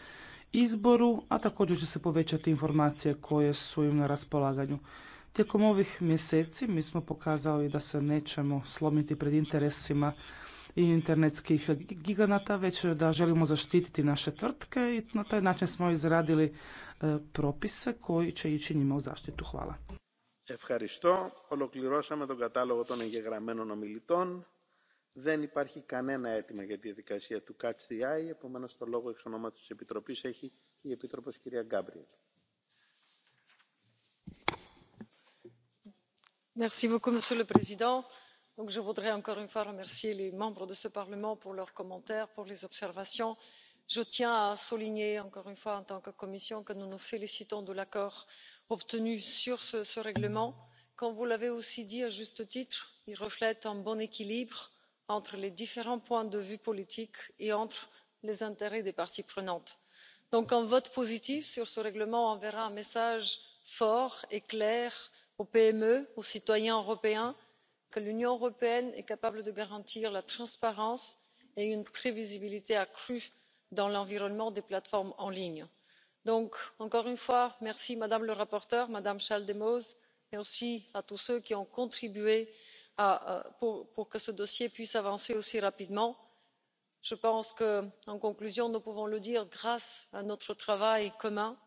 izboru, a također će se povećati informacije koje su im na raspolaganju. Tijekom ovih mjeseci mi smo pokazali da se nećemo slomiti pred interesima i internetskih giganata, već da želimo zaštititi naše tvrtke i na taj način smo izradili e, propise koji će ići njima u zaštitu. Hvala. Ευχαριστώ. Ολοκληρώσαμε τον κατάλογο των εγγεγραμμένων ομιλητών. Δεν υπάρχει κανένα αίτημα για τη διαδικασία του Catch the Eye. Επομένως, το λόγο εξ ονόματος της Επιτροπής έχει η Επίτροπος κυρία Γκάμπριελ. Merci beaucoup, Monsieur le Président. Donc, je voudrais encore une fois remercier les membres de ce Parlement pour leurs commentaires, pour les observations je tiens à souligner encore une fois en tant que commission que nous nous félicitons de l'accord obtenu sur ce règlement. comme vous l'avez aussi dit à juste titre il reflète un bon équilibre entre les différents points de vue politiques et entre les intérêts des parties prenantes. donc un vote positif sur ce règlement enverra un message fort et clair aux pme aux citoyens européens que l'union européenne est capable de garantir la transparence et une prévisibilité accrue dans l'environnement des plateformes en ligne. donc encore une fois merci madame la rapporteure madame schaldemose et aussi à tous ceux qui ont contribué euh, pour que ce dossier puisse avancer aussi rapidement. je pense qu'en conclusion nous pouvons le dire grâce à notre travail commun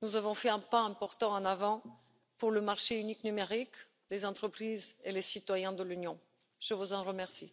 nous avons fait un pas important en avant pour le marché unique numérique les entreprises et les citoyens de l'union. je vous en remercie.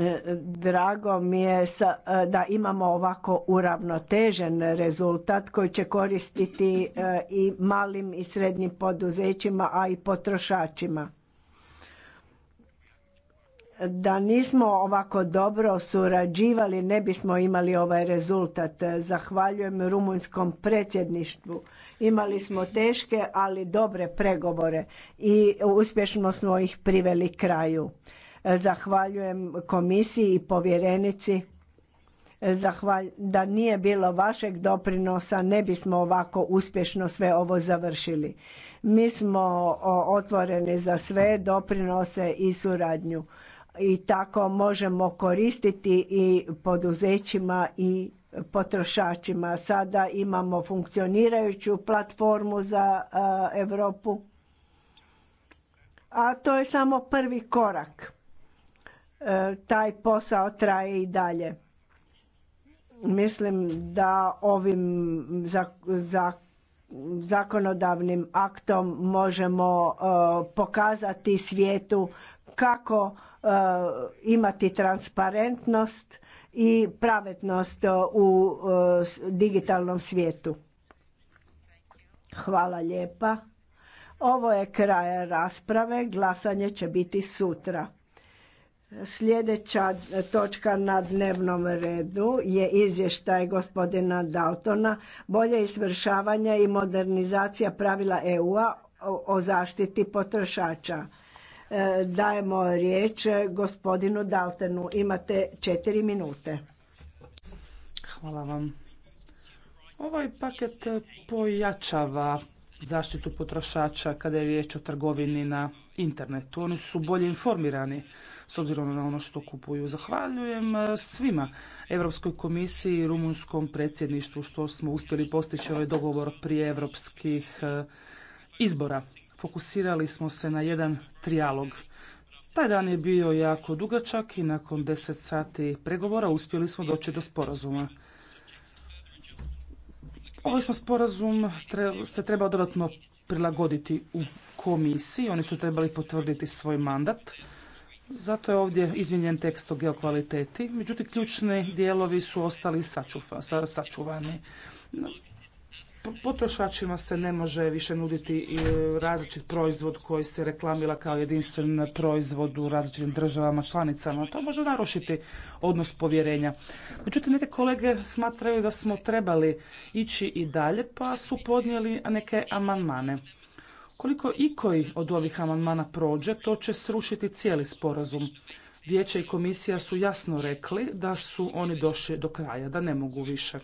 E, drago mi je e, da imamo ovako uravnotežen rezultat koji će koristiti e, i malim i srednjim poduzećima, a i potrošačima. Da nismo ovako dobro surađivali, ne bismo imali ovaj rezultat. Zahvaljujem rumunjskom predsjedništvu. Imali smo teške, ali dobre pregovore i uspješno smo ih priveli kraju. Zahvaljujem komisiji i povjerenici da nije bilo vašeg doprinosa ne bismo ovako uspješno sve ovo završili. Mi smo otvoreni za sve doprinose i suradnju i tako možemo koristiti i poduzećima i potrošačima. Sada imamo funkcionirajuću platformu za Europu. A to je samo prvi korak taj posao traje i dalje. Mislim da ovim zakonodavnim aktom možemo e, pokazati svijetu kako e, imati transparentnost i pravednost u e, digitalnom svijetu. Hvala lijepa. Ovo je kraj rasprave. Glasanje će biti sutra. Sljedeća točka na dnevnom redu je izvještaj gospodina Daltona, bolje izvršavanje i modernizacija pravila EU-a o zaštiti potrošača. E, dajemo riječ gospodinu Daltonu. Imate četiri minute. Hvala vam. Ovaj paket pojačava zaštitu potrošača kada je riječ o trgovini na internetu. Oni su bolje informirani s obzirom na ono što kupuju. Zahvaljujem e, svima Europskoj komisiji i rumunskom predsjedništvu što smo uspjeli postići ovaj dogovor prije europskih e, izbora. Fokusirali smo se na jedan trijalog. Taj dan je bio jako dugačak i nakon deset sati pregovora uspjeli smo doći do sporazuma. Ovaj smo sporazum se treba dodatno prilagoditi u komisiji. Oni su trebali potvrditi svoj mandat. Zato je ovdje izmijenjen tekst o geokvaliteti, međutim ključni dijelovi su ostali sačuvani. Potrošačima se ne može više nuditi e, različit proizvod koji se reklamila kao jedinstven proizvod u različitim državama članicama. To može narušiti odnos povjerenja. Međutim, neke kolege smatraju da smo trebali ići i dalje, pa su podnijeli neke amandmane. Koliko i koji od ovih amandmana prođe, to će srušiti cijeli sporazum. Vijeće i komisija su jasno rekli da su oni došli do kraja, da ne mogu više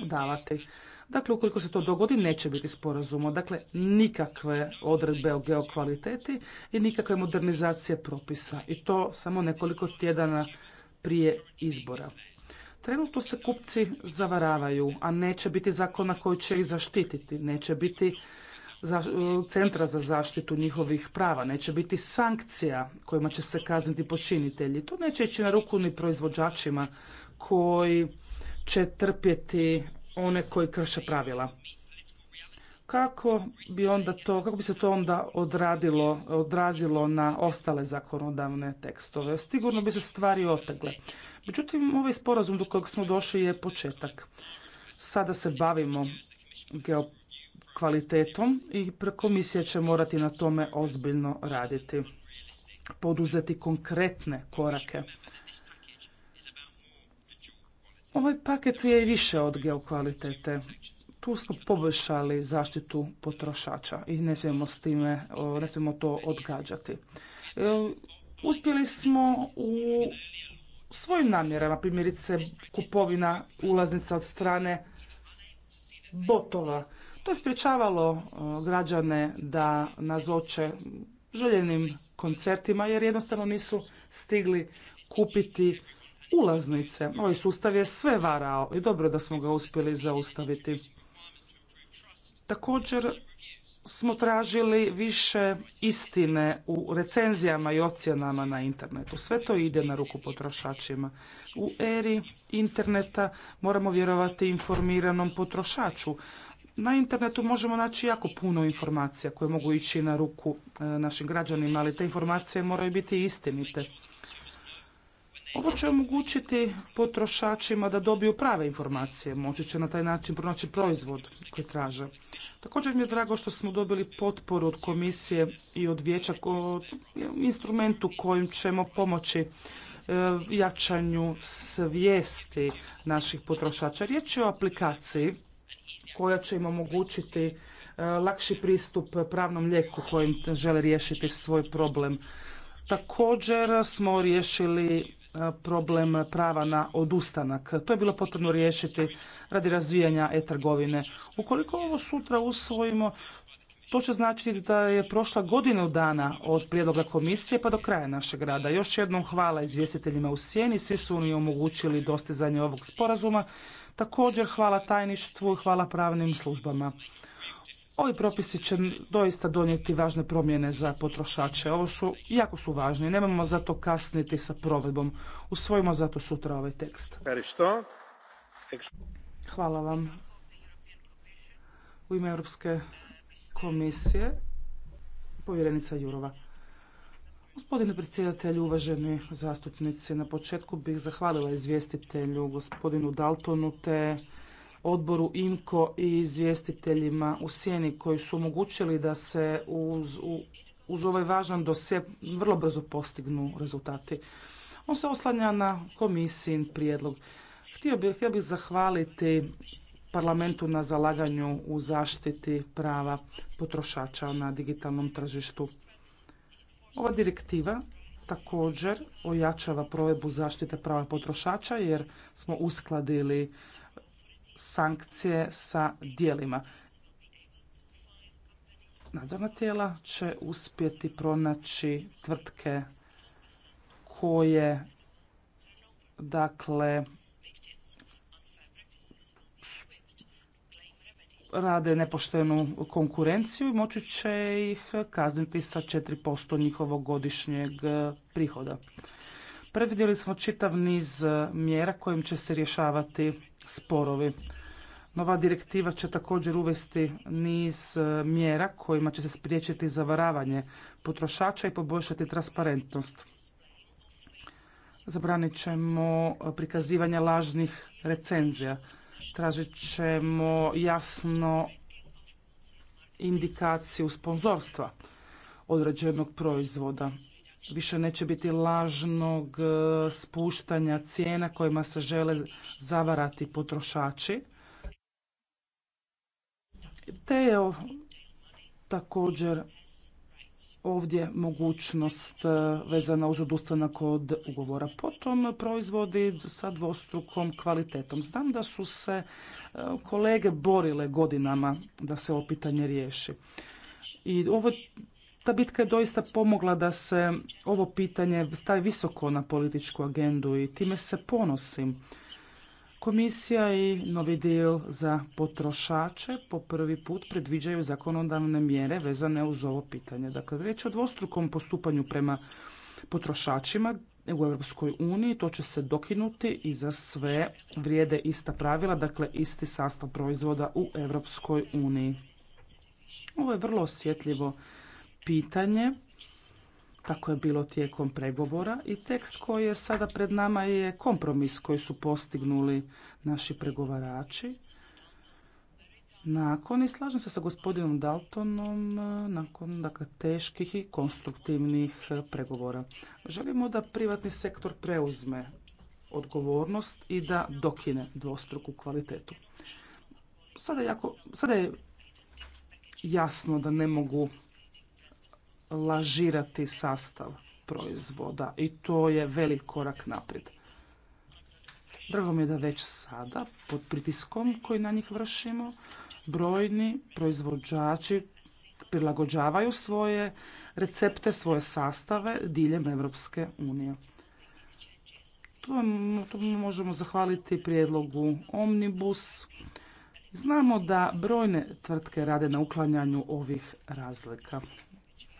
davati. Dakle, ukoliko se to dogodi, neće biti sporazuma. Dakle, nikakve odredbe o geokvaliteti i nikakve modernizacije propisa. I to samo nekoliko tjedana prije izbora. Trenutno se kupci zavaravaju, a neće biti zakona koji će ih zaštititi. Neće biti centra za zaštitu njihovih prava, neće biti sankcija kojima će se kazniti počinitelji. To neće ići na ruku ni proizvođačima koji će trpjeti one koji krše pravila. Kako bi, onda to, kako bi se to onda odradilo, odrazilo na ostale zakonodavne tekstove? Sigurno bi se stvari otegle. Međutim, ovaj sporazum do kojeg smo došli je početak. Sada se bavimo kvalitetom i komisija će morati na tome ozbiljno raditi, poduzeti konkretne korake. Ovaj paket je i više od geokvalitete. Tu smo poboljšali zaštitu potrošača i ne smijemo s time, ne smijemo to odgađati. E, uspjeli smo u svojim namjerama, primjerice kupovina ulaznica od strane botova. To je spriječavalo e, građane da nazoče željenim koncertima jer jednostavno nisu stigli kupiti ulaznice. Ovaj sustav je sve varao i dobro da smo ga uspjeli zaustaviti. Također smo tražili više istine u recenzijama i ocjenama na internetu. Sve to ide na ruku potrošačima. U eri interneta moramo vjerovati informiranom potrošaču. Na internetu možemo naći jako puno informacija koje mogu ići na ruku e, našim građanima, ali te informacije moraju biti istinite. Ovo će omogućiti potrošačima da dobiju prave informacije, moći će na taj način pronaći proizvod koji traže. Također mi je drago što smo dobili potporu od komisije i od vijeća o instrumentu kojim ćemo pomoći e, jačanju svijesti naših potrošača. Riječ je o aplikaciji koja će im omogućiti e, lakši pristup pravnom lijeku kojim žele riješiti svoj problem. Također smo riješili e, problem prava na odustanak. To je bilo potrebno riješiti radi razvijanja e-trgovine. Ukoliko ovo sutra usvojimo, to će značiti da je prošla godinu dana od prijedloga komisije pa do kraja našeg rada. Još jednom hvala izvjestiteljima u sjeni, svi su oni omogućili dostizanje ovog sporazuma Također hvala tajništvu i hvala pravnim službama. Ovi propisi će doista donijeti važne promjene za potrošače. Ovo su, jako su važni. nemamo zato kasniti sa provedbom. Usvojimo zato sutra ovaj tekst. Hvala vam. U ime Europske komisije, povjerenica Jurova. Gospodine predsjedatelju, uvaženi zastupnici, na početku bih zahvalila izvjestitelju gospodinu Daltonu te odboru IMKO i izvjestiteljima u Sjeni koji su omogućili da se uz, uz ovaj važan dosje vrlo brzo postignu rezultati. On se oslanja na komisijin prijedlog. Htio bih, htio bih zahvaliti parlamentu na zalaganju u zaštiti prava potrošača na digitalnom tržištu. Ova direktiva također ojačava provedbu zaštite prava potrošača jer smo uskladili sankcije sa dijelima. Nadzorna tijela će uspjeti pronaći tvrtke koje dakle rade nepoštenu konkurenciju i moći će ih kazniti sa 4% njihovog godišnjeg e, prihoda. Predvidjeli smo čitav niz e, mjera kojim će se rješavati sporovi. Nova direktiva će također uvesti niz e, mjera kojima će se spriječiti zavaravanje potrošača i poboljšati transparentnost. Zabranit ćemo prikazivanje lažnih recenzija. Tražit ćemo jasno indikaciju sponzorstva određenog proizvoda. Više neće biti lažnog e, spuštanja cijena kojima se žele zavarati potrošači. Te je također ovdje mogućnost e, vezana uz odustanak od ugovora. Potom proizvodi sa dvostrukom kvalitetom. Znam da su se e, kolege borile godinama da se ovo pitanje riješi. I ta bitka je doista pomogla da se ovo pitanje stavi visoko na političku agendu i time se ponosim. Komisija i novi dio za potrošače po prvi put predviđaju zakonodavne mjere vezane uz ovo pitanje. Dakle, riječ o dvostrukom postupanju prema potrošačima u Europskoj uniji. To će se dokinuti i za sve vrijede ista pravila, dakle isti sastav proizvoda u Europskoj uniji. Ovo je vrlo osjetljivo pitanje tako je bilo tijekom pregovora i tekst koji je sada pred nama je kompromis koji su postignuli naši pregovarači. Nakon, i slažem se sa gospodinom Daltonom, nakon dakle, teških i konstruktivnih pregovora. Želimo da privatni sektor preuzme odgovornost i da dokine dvostruku kvalitetu. Sada, jako, sada je jasno da ne mogu lažirati sastav proizvoda i to je velik korak naprijed. Drago mi je da već sada, pod pritiskom koji na njih vršimo, brojni proizvođači prilagođavaju svoje recepte, svoje sastave diljem Europske unije. To možemo zahvaliti prijedlogu Omnibus. Znamo da brojne tvrtke rade na uklanjanju ovih razlika.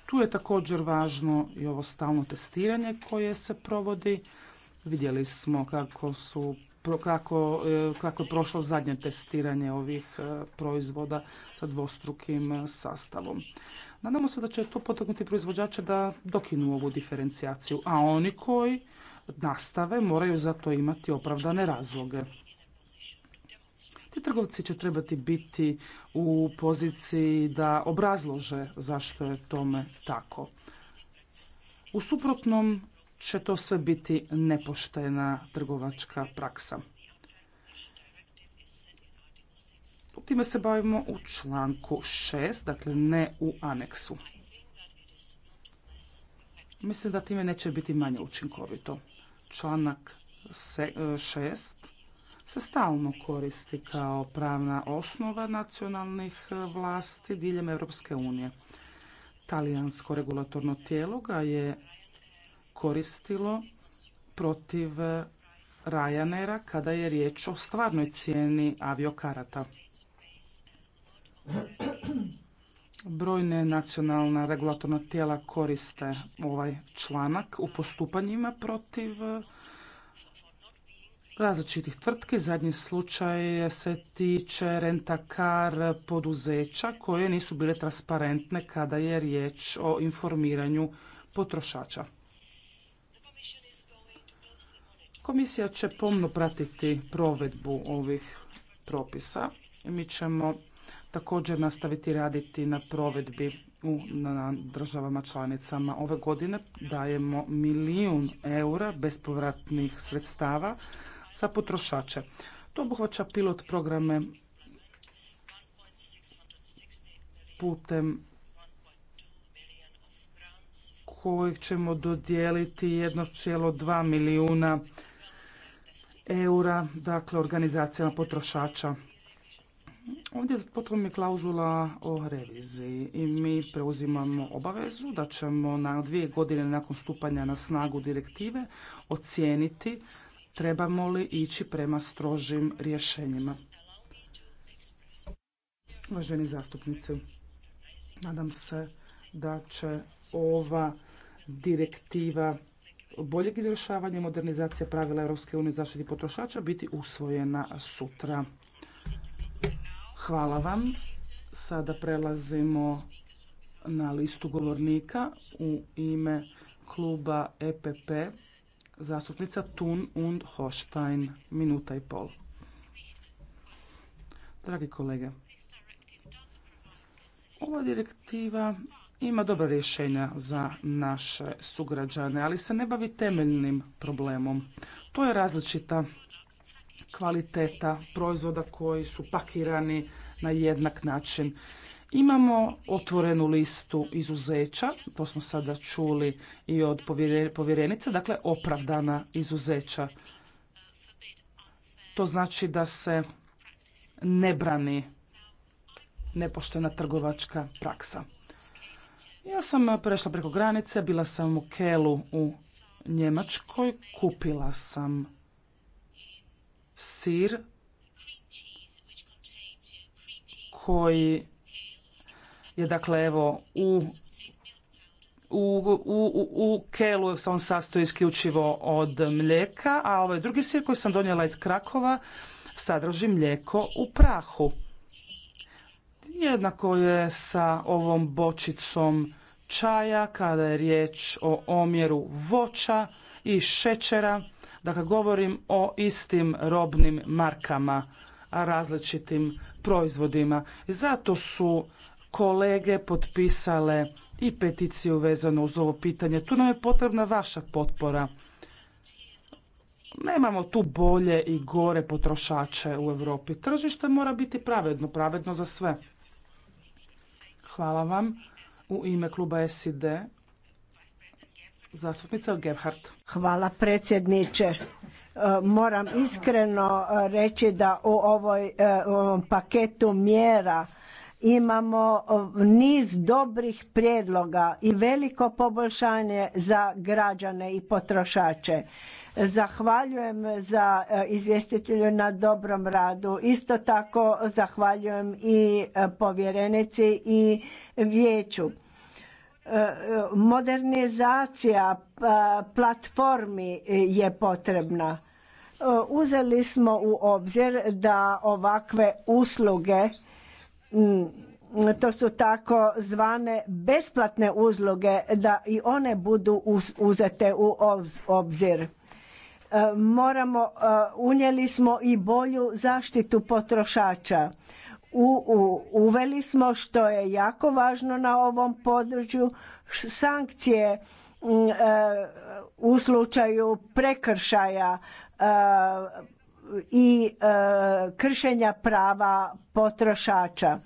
Tu je također važno i ovo stalno testiranje koje se provodi. Vidjeli smo kako su kako, e, kako je prošlo zadnje testiranje ovih e, proizvoda sa dvostrukim e, sastavom. Nadamo se da će to potaknuti proizvođače da dokinu ovu diferencijaciju, a oni koji nastave moraju za to imati opravdane razloge. Ti trgovci će trebati biti u poziciji da obrazlože zašto je tome tako. U suprotnom će to sve biti nepoštena trgovačka praksa. Time se bavimo u članku 6, dakle ne u aneksu. Mislim da time neće biti manje učinkovito. Članak 6 se stalno koristi kao pravna osnova nacionalnih e, vlasti diljem Europske unije. Talijansko regulatorno tijelo ga je koristilo protiv e, Ryanaira kada je riječ o stvarnoj cijeni aviokarata. Brojne nacionalna regulatorna tijela koriste ovaj članak u postupanjima protiv e, različitih tvrtki. Zadnji slučaj se tiče rentakar poduzeća koje nisu bile transparentne kada je riječ o informiranju potrošača. Komisija će pomno pratiti provedbu ovih propisa. Mi ćemo također nastaviti raditi na provedbi u na državama članicama. Ove godine dajemo milijun eura bespovratnih sredstava za potrošače. To obuhvaća pilot programe putem kojeg ćemo dodijeliti 1,2 milijuna eura, dakle organizacijama potrošača. Ovdje potom je klauzula o reviziji i mi preuzimamo obavezu da ćemo na dvije godine nakon stupanja na snagu direktive ocijeniti trebamo li ići prema strožim rješenjima. Uvaženi zastupnici, nadam se da će ova direktiva boljeg izvršavanja i modernizacije pravila Europske unije zaštiti potrošača biti usvojena sutra. Hvala vam. Sada prelazimo na listu govornika u ime kluba EPP. Zastupnica Thun und Hoštajn, minuta i pol. Dragi kolege, ova direktiva ima dobra rješenja za naše sugrađane, ali se ne bavi temeljnim problemom. To je različita kvaliteta proizvoda koji su pakirani na jednak način. Imamo otvorenu listu izuzeća, to smo sada čuli i od povjerenice, dakle opravdana izuzeća. To znači da se ne brani nepoštena trgovačka praksa. Ja sam prešla preko granice, bila sam u Kelu u Njemačkoj, kupila sam sir koji je dakle evo u u, u, kelu se on sastoji isključivo od mlijeka, a ovaj drugi sir koji sam donijela iz Krakova sadrži mlijeko u prahu. Jednako je sa ovom bočicom čaja kada je riječ o omjeru voća i šećera. Dakle, govorim o istim robnim markama, a različitim proizvodima. zato su kolege potpisale i peticiju vezano uz ovo pitanje. Tu nam je potrebna vaša potpora. Nemamo tu bolje i gore potrošače u Europi. Tržište mora biti pravedno, pravedno za sve. Hvala vam. U ime kluba SID, zastupnica Gebhardt. Hvala predsjedniče. E, moram iskreno reći da u e, ovom paketu mjera imamo niz dobrih prijedloga i veliko poboljšanje za građane i potrošače. Zahvaljujem za e, izvjestitelju na dobrom radu. Isto tako zahvaljujem i e, povjerenici i vijeću. E, modernizacija platformi je potrebna. Uzeli smo u obzir da ovakve usluge Mm, to su tako zvane besplatne uzloge da i one budu uzete u obzir. E, moramo, e, unijeli smo i bolju zaštitu potrošača. U, uveli smo što je jako važno na ovom području sankcije mm, e, u slučaju prekršaja i e, kršenja prava potrošača